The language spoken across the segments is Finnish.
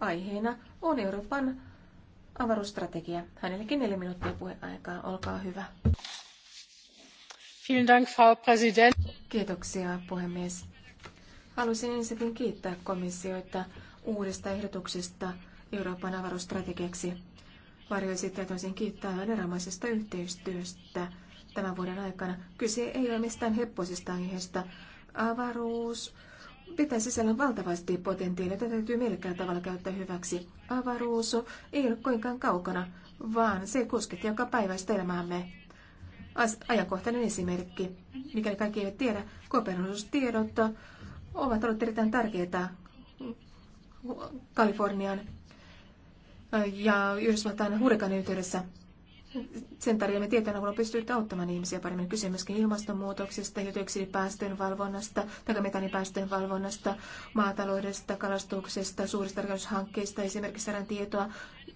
Aiheena on Euroopan avaruusstrategia. Hänellekin neljä minuuttia puheaikaa. Olkaa hyvä. Kiitoksia, puhemies. Haluaisin ensinnäkin kiittää komissioita uudesta ehdotuksesta Euroopan avaruusstrategiaksi. Varjoesittäjät toisin kiittää veneramaisesta yhteistyöstä tämän vuoden aikana. Kyse ei ole mistään hepposista aiheesta. Avaruus pitää sisällä valtavasti potentiaalia, tätä täytyy mielekkäällä tavalla käyttää hyväksi. Avaruus ei ole kuinkaan kaukana, vaan se kosketti joka päiväistä elämäämme. Ajankohtainen esimerkki, mikäli kaikki eivät tiedä, tiedot ovat olleet erittäin tärkeitä Kalifornian ja Yhdysvaltain hurrikaanin yhteydessä sen tarjoamme tieteen avulla pystyt auttamaan ihmisiä paremmin. Kyse myöskin ilmastonmuutoksesta, hiilidioksidipäästöjen valvonnasta, takametanipäästöjen valvonnasta, maataloudesta, kalastuksesta, suurista rakennushankkeista, esimerkiksi saadaan tietoa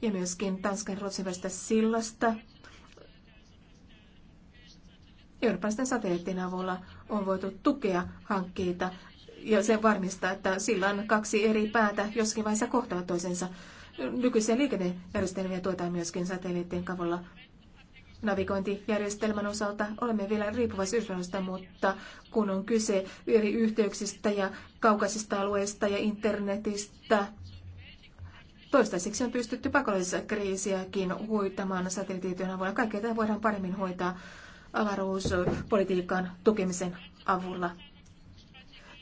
ja myöskin Tanskan ja Ruotsin välistä sillasta. Eurooppalaisten satelliittien avulla on voitu tukea hankkeita ja se varmistaa, että sillä on kaksi eri päätä joskin vaiheessa kohtaa toisensa. Nykyisiä liikennejärjestelmiä tuetaan myöskin satelliittien kavulla navigointijärjestelmän osalta olemme vielä riippuvaisia Yhdysvalloista, mutta kun on kyse eri yhteyksistä ja kaukaisista alueista ja internetistä, Toistaiseksi on pystytty pakollisessa kriisiäkin hoitamaan satelliittitietojen avulla. Kaikkea tämä voidaan paremmin hoitaa avaruuspolitiikan tukemisen avulla.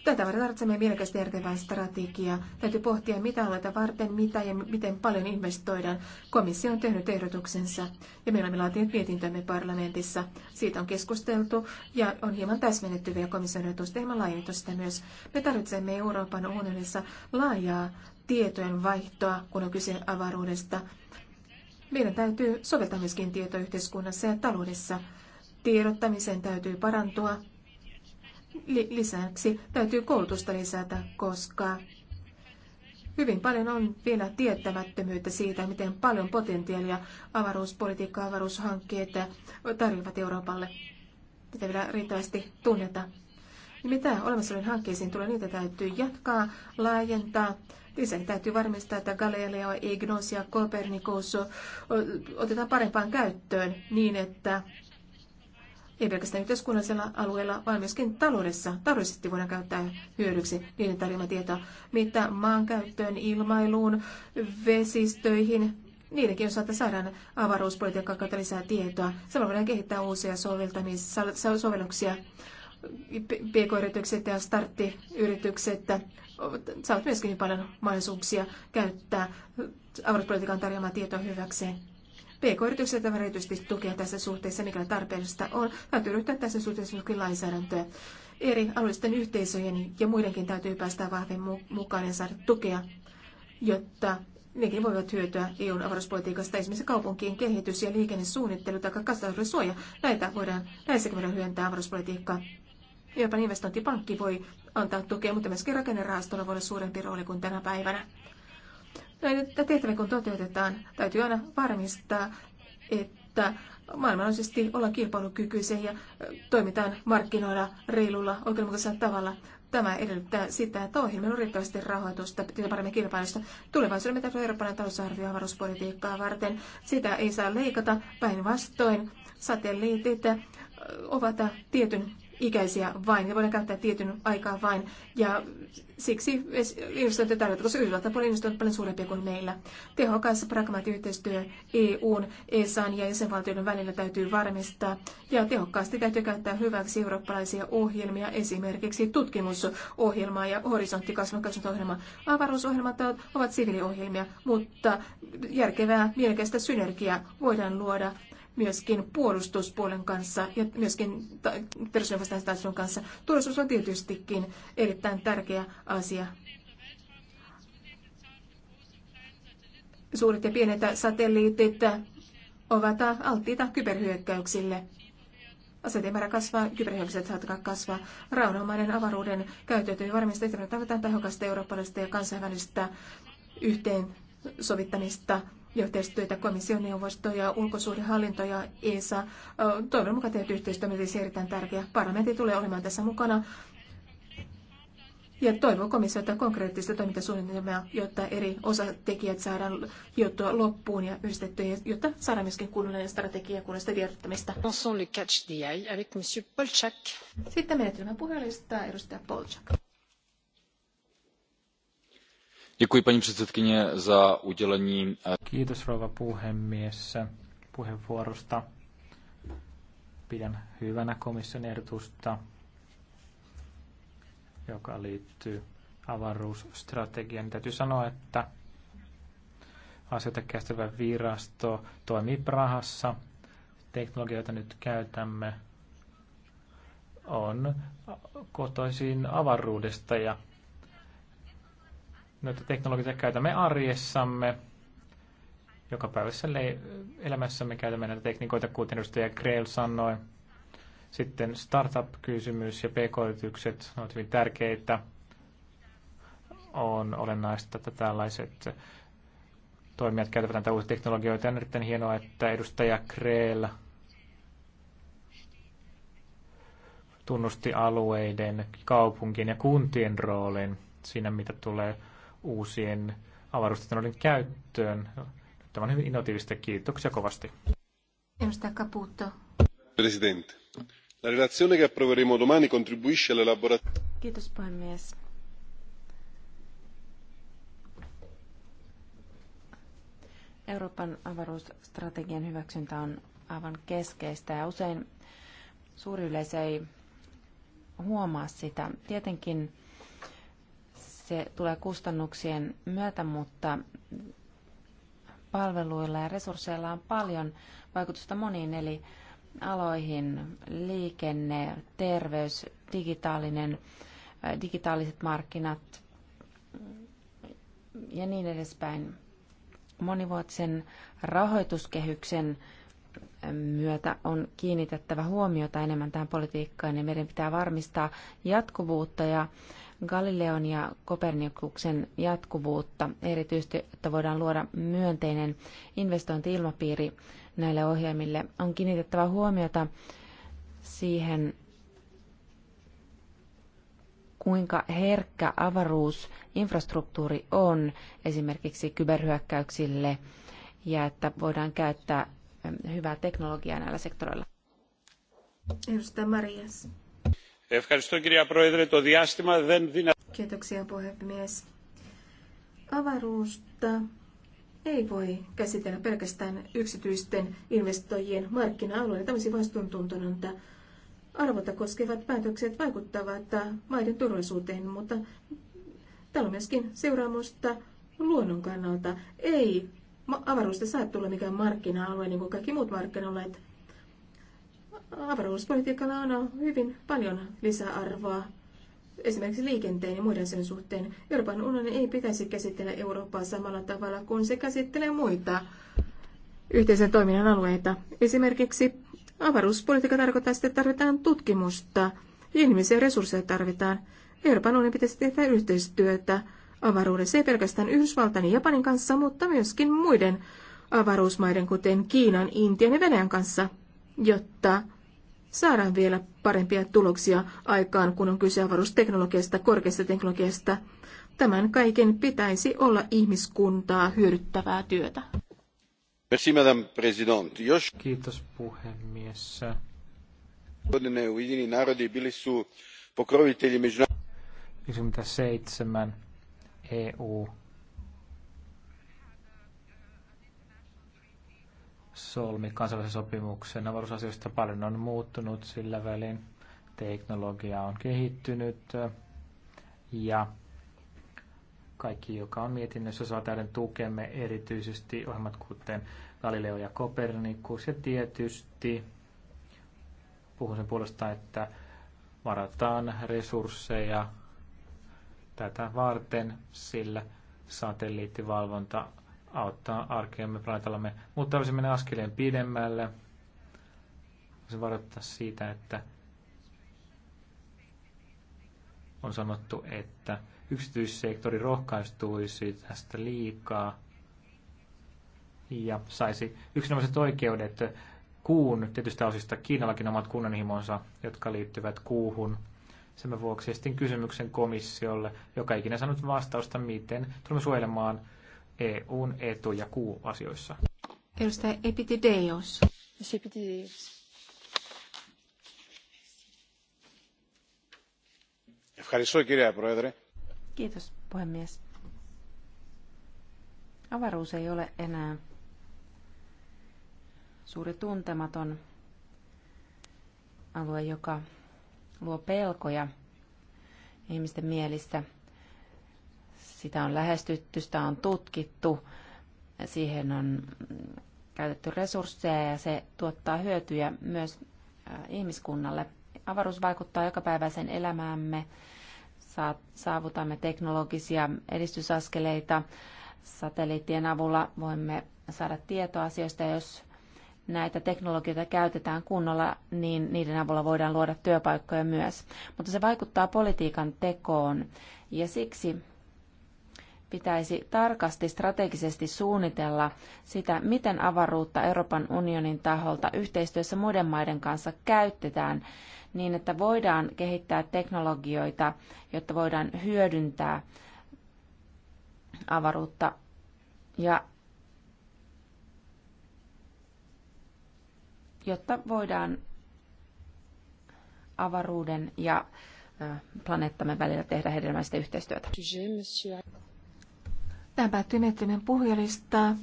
Tätä varten tarvitsemme mielekästä järkevää strategiaa. Täytyy pohtia, mitä aloita varten, mitä ja miten paljon investoidaan. Komissio on tehnyt ehdotuksensa ja meillä on laatinut mietintömme parlamentissa. Siitä on keskusteltu ja on hieman täsmennetty vielä komission ehdotusta, hieman laajennettu sitä myös. Me tarvitsemme Euroopan unionissa laajaa tietojen vaihtoa, kun on kyse avaruudesta. Meidän täytyy soveltaa myöskin tietoyhteiskunnassa ja taloudessa. Tiedottamisen täytyy parantua lisäksi täytyy koulutusta lisätä, koska hyvin paljon on vielä tietämättömyyttä siitä, miten paljon potentiaalia avaruuspolitiikka, avaruushankkeet tarjoavat Euroopalle. Tätä vielä riittävästi tunneta. Niin mitä olemassa olevien hankkeisiin tulee, niitä täytyy jatkaa, laajentaa. Lisäksi täytyy varmistaa, että Galileo, Ignosia, Copernicus otetaan parempaan käyttöön niin, että ei pelkästään yhteiskunnallisella alueella, vaan myöskin taloudessa. Taloudellisesti voidaan käyttää hyödyksi niiden tarjoamaa tietoa, mitä maankäyttöön, ilmailuun, vesistöihin, niidenkin osalta saadaan avaruuspolitiikkaa kautta lisää tietoa. Samalla voidaan kehittää uusia sovelluksia. PK-yritykset ja starttiyritykset saavat myöskin paljon mahdollisuuksia käyttää avaruuspolitiikan tarjoamaa tietoa hyväkseen. PK-yritykset ovat erityisesti tukea tässä suhteessa, mikä tarpeellista on. Täytyy ryhtyä tässä suhteessa myöskin lainsäädäntöä. Eri alueellisten yhteisöjen ja muidenkin täytyy päästä vahvemmin mukaan ja saada tukea, jotta nekin voivat hyötyä EUn avaruuspolitiikasta, esimerkiksi kaupunkien kehitys ja liikennesuunnittelu tai kasvatuksen suoja. Näitä voidaan, näissäkin voidaan hyödyntää avaruuspolitiikkaa. Euroopan investointipankki voi antaa tukea, mutta myöskin rakennerahastolla voi olla suurempi rooli kuin tänä päivänä. Näitä tehtäviä kun toteutetaan, täytyy aina varmistaa, että maailmanlaajuisesti ollaan kilpailukykyisiä ja toimitaan markkinoilla reilulla oikeudenmukaisella tavalla. Tämä edellyttää sitä, että ohjelmilla on riittävästi rahoitusta, pitää paremmin kilpailusta. Tulevaisuuden mitä Euroopan talousarvio- ja varuspolitiikkaa varten. Sitä ei saa leikata päinvastoin. Satelliitit ovat tietyn ikäisiä vain ja voidaan käyttää tietyn aikaa vain. Ja siksi investointeja tarvitaan, koska Yhdysvaltain investoinnit paljon suurempia kuin meillä. Tehokas pragmaattinen yhteistyö EUn, ESAn ja jäsenvaltioiden välillä täytyy varmistaa. Ja tehokkaasti täytyy käyttää hyväksi eurooppalaisia ohjelmia, esimerkiksi tutkimusohjelmaa ja horisontti 2020-ohjelmaa. Avaruusohjelmat ovat siviiliohjelmia, mutta järkevää, mielekästä synergiaa voidaan luoda myöskin puolustuspuolen kanssa ja myöskin terrorismin kanssa. Turvallisuus on tietystikin erittäin tärkeä asia. Suuret ja pienet satelliitit ovat alttiita kyberhyökkäyksille. Asetemäärä määrä kasvaa, kyberhyökkäykset saattaa kasvaa. Rauhanomainen avaruuden että tarvitaan tehokasta eurooppalaista ja kansainvälistä yhteensovittamista yhteistyötä komission neuvosto ja ulkosuhdehallinto ja ESA. Toivon mukaan tehty yhteistyö on erittäin tärkeä. Parlamentti tulee olemaan tässä mukana ja toivon komissiota konkreettista toimintasuunnitelmaa, jotta eri osatekijät saadaan hiottua loppuun ja yhdistettyä, jotta saadaan myöskin kunnollinen strategia kunnollista viedottamista. Sitten menetelmän puheenjohtaja edustaja Polchak paní předsedající eh, kiitos rouva puhemies puheenvuorosta. Pidän hyvänä komission ehdotusta, joka liittyy avaruusstrategiaan. Täytyy sanoa, että asioita käsittävä virasto toimii Prahassa. Teknologioita nyt käytämme on kotoisin avaruudesta ja noita teknologioita käytämme arjessamme, joka päivässä elämässämme käytämme näitä tekniikoita, kuten edustaja Grail sanoi. Sitten startup-kysymys ja pk-yritykset ovat hyvin tärkeitä. On olennaista, että tällaiset toimijat käyttävät näitä uusia teknologioita. On erittäin hienoa, että edustaja Kreel tunnusti alueiden, kaupunkien ja kuntien roolin siinä, mitä tulee uusien avaruusteknologian käyttöön. Tämä on hyvin innovatiivista. Kiitoksia kovasti. Edustaja Caputo. Presidente. La relazione che approveremo domani contribuisce all'elaborazione. Kiitos puhemies. Euroopan avaruusstrategian hyväksyntä on aivan keskeistä ja usein suuri yleisö ei huomaa sitä. Tietenkin se tulee kustannuksien myötä, mutta palveluilla ja resursseilla on paljon vaikutusta moniin, eli aloihin, liikenne, terveys, digitaalinen, äh, digitaaliset markkinat ja niin edespäin. Monivuotisen rahoituskehyksen äh, myötä on kiinnitettävä huomiota enemmän tähän politiikkaan ja meidän pitää varmistaa jatkuvuutta ja Galileon ja Kopernikuksen jatkuvuutta, erityisesti, että voidaan luoda myönteinen investointiilmapiiri näille ohjelmille, on kiinnitettävä huomiota siihen, kuinka herkkä avaruusinfrastruktuuri on esimerkiksi kyberhyökkäyksille ja että voidaan käyttää eh, hyvää teknologiaa näillä sektoreilla. Edustaja Marias. Kiitoksia puhemies. Avaruusta ei voi käsitellä pelkästään yksityisten investoijien markkina-alueella. Tämmöisiä siis vastuuntuntononta arvota koskevat päätökset vaikuttavat maiden turvallisuuteen, mutta täällä on myöskin seuraamusta luonnon kannalta. Ei avaruusta saa tulla mikään markkina-alue, niin kuin kaikki muut markkina-alueet avaruuspolitiikalla on hyvin paljon lisäarvoa. Esimerkiksi liikenteen ja muiden sen suhteen Euroopan unioni ei pitäisi käsitellä Eurooppaa samalla tavalla kuin se käsittelee muita yhteisen toiminnan alueita. Esimerkiksi avaruuspolitiikka tarkoittaa sitä, että tarvitaan tutkimusta ja ihmisiä resursseja tarvitaan. Euroopan unioni pitäisi tehdä yhteistyötä avaruudessa, ei pelkästään Yhdysvaltain ja Japanin kanssa, mutta myöskin muiden avaruusmaiden, kuten Kiinan, Intian ja Venäjän kanssa, jotta saadaan vielä parempia tuloksia aikaan, kun on kyse avaruusteknologiasta, korkeasta teknologiasta. Tämän kaiken pitäisi olla ihmiskuntaa hyödyttävää työtä. Merci, madame president. Jos... Kiitos puhemies. Godine Ujedini EU solmi kansainvälisen sopimuksen avaruusasioista. Paljon on muuttunut sillä välin. Teknologia on kehittynyt ja kaikki, joka on mietinnössä, saa täyden tukemme, erityisesti ohjelmat kuten Galileo ja Kopernikus. Ja tietysti puhun sen puolesta, että varataan resursseja tätä varten, sillä satelliittivalvonta auttaa arkeamme planeetallamme, mutta olisi mennä askeleen pidemmälle. Voisi varoittaa siitä, että on sanottu, että yksityissektori rohkaistuisi tästä liikaa ja saisi yksinomaiset oikeudet kuun tietystä osista. Kiinallakin omat kunnanhimonsa, jotka liittyvät kuuhun. Sen vuoksi sitten kysymyksen komissiolle, joka ikinä saanut vastausta, miten tulemme suojelemaan EUn etu- ja Q-asioissa. Edustaja Epitideos. Epitideos. Kiitos puhemies. Avaruus ei ole enää suuri tuntematon alue, joka luo pelkoja ihmisten mielissä – sitä on lähestytty, sitä on tutkittu, siihen on käytetty resursseja ja se tuottaa hyötyjä myös ihmiskunnalle. Avaruus vaikuttaa jokapäiväiseen elämäämme, saavutamme teknologisia edistysaskeleita, satelliittien avulla voimme saada tietoa asioista, jos näitä teknologioita käytetään kunnolla, niin niiden avulla voidaan luoda työpaikkoja myös. Mutta se vaikuttaa politiikan tekoon ja siksi pitäisi tarkasti strategisesti suunnitella sitä, miten avaruutta Euroopan unionin taholta yhteistyössä muiden maiden kanssa käytetään niin, että voidaan kehittää teknologioita, jotta voidaan hyödyntää avaruutta ja jotta voidaan avaruuden ja planeettamme välillä tehdä hedelmällistä yhteistyötä. Tämä päättyy miettimään puhujalista.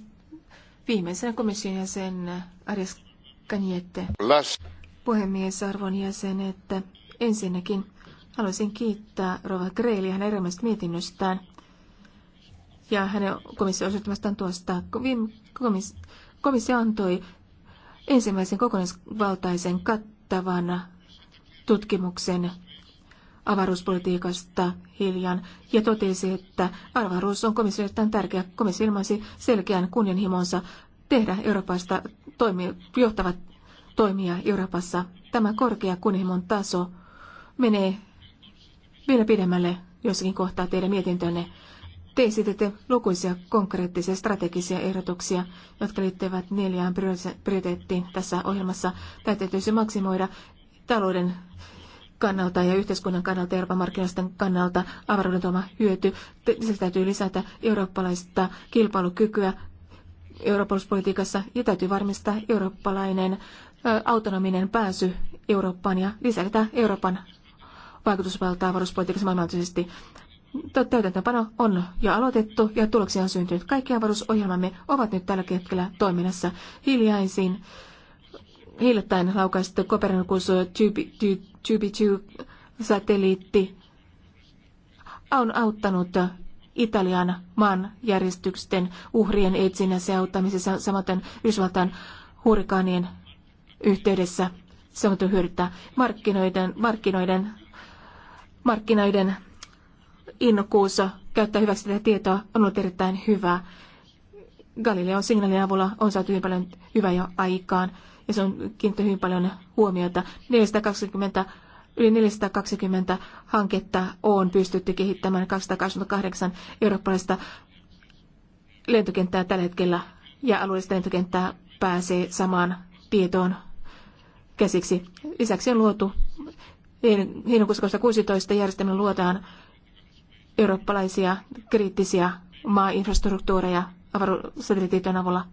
Viimeisenä komission jäsen Arias Kanjette. Puhemies, arvon jäsen, että ensinnäkin haluaisin kiittää Rova Greiliä hänen erilaisesta mietinnöstään ja hänen komission osoittamastaan tuosta. Komissio antoi ensimmäisen kokonaisvaltaisen kattavan tutkimuksen avaruuspolitiikasta hiljan ja totesi, että avaruus on komissio erittäin tärkeä. Komissio ilmaisi selkeän kunnianhimonsa tehdä Euroopasta toimi, johtavat toimia Euroopassa. Tämä korkea kunnianhimon taso menee vielä pidemmälle jossakin kohtaa teidän mietintönne. Te esitette lukuisia konkreettisia strategisia ehdotuksia, jotka liittyvät neljään prioriteettiin tässä ohjelmassa. tätä täytyisi maksimoida talouden kannalta ja yhteiskunnan kannalta ja Euroopan markkinoiden kannalta avaruuden tuoma hyöty. Se täytyy lisätä eurooppalaista kilpailukykyä eurooppalaispolitiikassa ja täytyy varmistaa eurooppalainen autonominen pääsy Eurooppaan ja lisätä Euroopan vaikutusvaltaa avaruuspolitiikassa maailmanlaajuisesti. Täytäntöpano on jo aloitettu ja tuloksia on syntynyt. Kaikki avaruusohjelmamme ovat nyt tällä hetkellä toiminnassa hiljaisin hiljattain laukaistu Copernicus jupiter satelliitti on auttanut Italian maanjäristyksen uhrien etsinnässä ja auttamisessa, samaten Yhdysvaltain hurrikaanien yhteydessä. Se on hyödyttää markkinoiden, markkinoiden, markkinoiden innokkuus käyttää hyväksi tätä tietoa on ollut erittäin hyvä. Galileo signaalin avulla on saatu hyvin paljon hyvää jo aikaan ja se on kiinnittänyt hyvin paljon huomiota. 420 Yli 420 hanketta on pystytty kehittämään 228 eurooppalaista lentokenttää tällä hetkellä ja alueellista lentokenttää pääsee samaan tietoon käsiksi. Lisäksi on luotu heinäkuussa 2016 järjestelmän luotaan eurooppalaisia kriittisiä maainfrastruktuureja avaruussatelliittien avulla.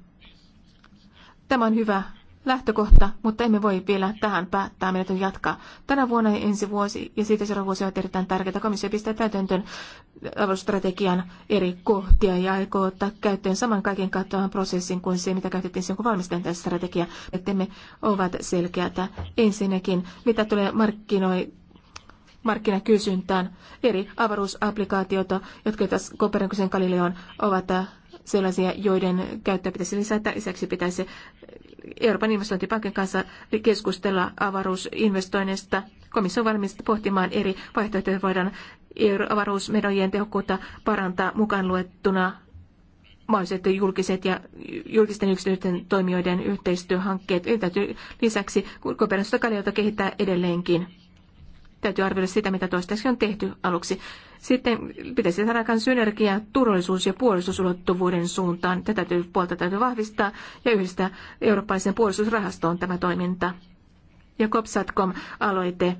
Tämä on hyvä lähtökohta, mutta emme voi vielä tähän päättää. Meidän täytyy jatkaa tänä vuonna ja ensi vuosi ja siitä seuraava vuosi on erittäin tärkeää. Komissio pistää täytäntöön äh, avaruusstrategian eri kohtia ja aikoo ottaa käyttöön saman kaiken kattavan prosessin kuin se, mitä käytettiin silloin, kun valmistetaan strategia, että me ovat selkeätä ensinnäkin, mitä tulee markkinoi markkinakysyntään. Eri avaruusapplikaatioita, jotka tässä Kopernikusen Galileon ovat äh, sellaisia, joiden käyttöä pitäisi lisätä. Lisäksi pitäisi Euroopan investointipankin kanssa keskustella avaruusinvestoinnista. Komissio on valmis pohtimaan eri vaihtoehtoja, voidaan avaruusmenojen tehokkuutta parantaa mukaan luettuna mahdolliset julkiset ja julkisten yksityisten toimijoiden yhteistyöhankkeet. täytyy lisäksi kooperaatiosta kehittää edelleenkin. Täytyy arvioida sitä, mitä toistaiseksi on tehty aluksi. Sitten pitäisi saada aikaan synergia turvallisuus- ja puolustusulottuvuuden suuntaan. Tätä puolta täytyy vahvistaa ja yhdistää eurooppalaisen puolustusrahastoon tämä toiminta. Ja COPSATCOM-aloite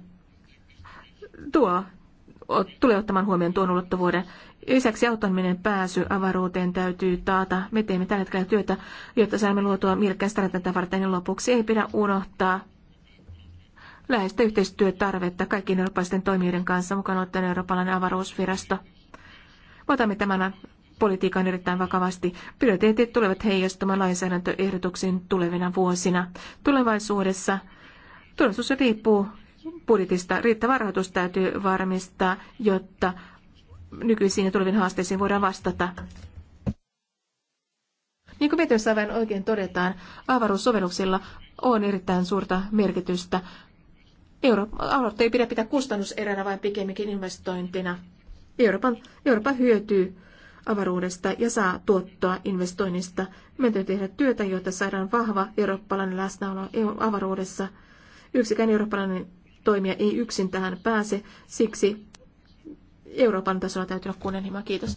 tuo tulee ottamaan huomioon tuon ulottuvuuden. Lisäksi autonominen pääsy avaruuteen täytyy taata. Me teemme tällä hetkellä työtä, jotta saamme luotua mielekkään strategian varten. Ja lopuksi ei pidä unohtaa läheistä yhteistyötarvetta kaikkien eurooppalaisten toimijoiden kanssa, mukaan ottaen Eurooppalainen avaruusvirasto. Otamme tämän politiikan erittäin vakavasti. Prioriteetit tulevat heijastumaan lainsäädäntöehdotuksiin tulevina vuosina. Tulevaisuudessa turvallisuus riippuu budjetista. Riittävä rahoitus täytyy varmistaa, jotta nykyisiin ja tuleviin haasteisiin voidaan vastata. Niin kuin mietinnössä aivan oikein todetaan, avaruussovelluksilla on erittäin suurta merkitystä Eurooppa ei pidä pitää kustannuseränä, vaan pikemminkin investointina. Euroopan, Eurooppa hyötyy avaruudesta ja saa tuottoa investoinnista. Meidän täytyy tehdä työtä, jotta saadaan vahva eurooppalainen läsnäolo avaruudessa. Yksikään eurooppalainen toimija ei yksin tähän pääse, siksi Euroopan tasolla täytyy olla kunnianhimoa. Kiitos.